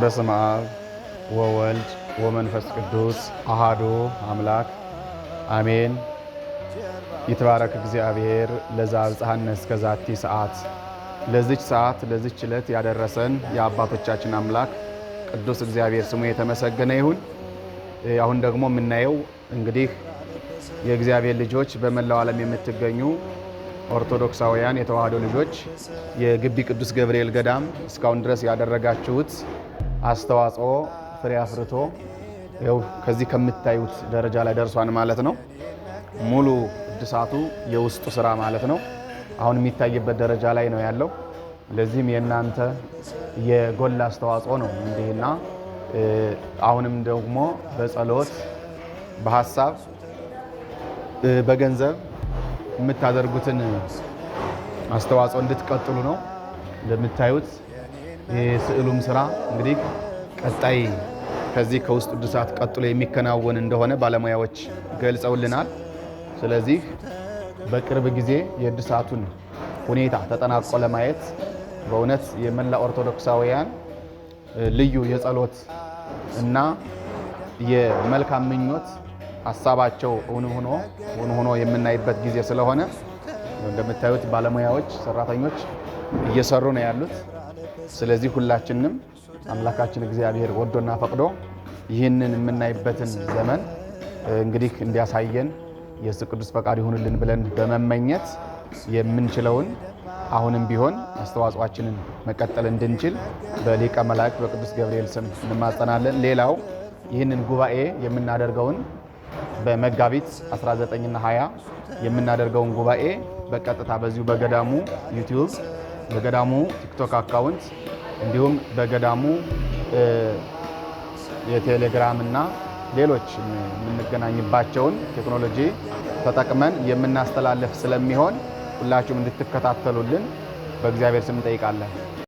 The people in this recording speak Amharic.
በስመ አብ ወወልድ ወመንፈስ ቅዱስ አሃዱ አምላክ አሜን። ይትባረክ እግዚአብሔር ለዛ እስከ ዛቲ ሰዓት፣ ለዚች ሰዓት ለዚች ዕለት ያደረሰን የአባቶቻችን አምላክ ቅዱስ እግዚአብሔር ስሙ የተመሰገነ ይሁን። አሁን ደግሞ የምናየው እንግዲህ የእግዚአብሔር ልጆች በመላው ዓለም የምትገኙ ኦርቶዶክሳውያን የተዋህዶ ልጆች የግቢ ቅዱስ ገብርኤል ገዳም እስካሁን ድረስ ያደረጋችሁት አስተዋጽኦ ፍሬ አፍርቶ ይኸው ከዚህ ከምታዩት ደረጃ ላይ ደርሷን ማለት ነው። ሙሉ እድሳቱ የውስጡ ስራ ማለት ነው። አሁን የሚታይበት ደረጃ ላይ ነው ያለው። ለዚህም የእናንተ የጎላ አስተዋጽኦ ነው እንዲህና አሁንም ደግሞ በጸሎት በሀሳብ በገንዘብ የምታደርጉትን አስተዋጽኦ እንድትቀጥሉ ነው። እንደምታዩት የስዕሉም ስራ እንግዲህ ቀጣይ ከዚህ ከውስጥ እድሳት ቀጥሎ የሚከናወን እንደሆነ ባለሙያዎች ገልጸውልናል። ስለዚህ በቅርብ ጊዜ የእድሳቱን ሁኔታ ተጠናቆ ለማየት በእውነት የመላ ኦርቶዶክሳውያን ልዩ የጸሎት እና የመልካም ምኞት ሀሳባቸው እውን ሆኖ እውን ሆኖ የምናይበት ጊዜ ስለሆነ እንደምታዩት ባለሙያዎች፣ ሰራተኞች እየሰሩ ነው ያሉት። ስለዚህ ሁላችንም አምላካችን እግዚአብሔር ወዶና ፈቅዶ ይህንን የምናይበትን ዘመን እንግዲህ እንዲያሳየን የእሱ ቅዱስ ፈቃድ ይሁንልን ብለን በመመኘት የምንችለውን አሁንም ቢሆን አስተዋጽኦአችንን መቀጠል እንድንችል በሊቀ መላእክት በቅዱስ ገብርኤል ስም እንማጸናለን። ሌላው ይህንን ጉባኤ የምናደርገውን በመጋቢት 19 እና 20 የምናደርገውን ጉባኤ በቀጥታ በዚሁ በገዳሙ ዩቲዩብ፣ በገዳሙ ቲክቶክ አካውንት እንዲሁም በገዳሙ የቴሌግራም እና ሌሎች የምንገናኝባቸውን ቴክኖሎጂ ተጠቅመን የምናስተላለፍ ስለሚሆን ሁላችሁም እንድትከታተሉልን በእግዚአብሔር ስም እንጠይቃለን።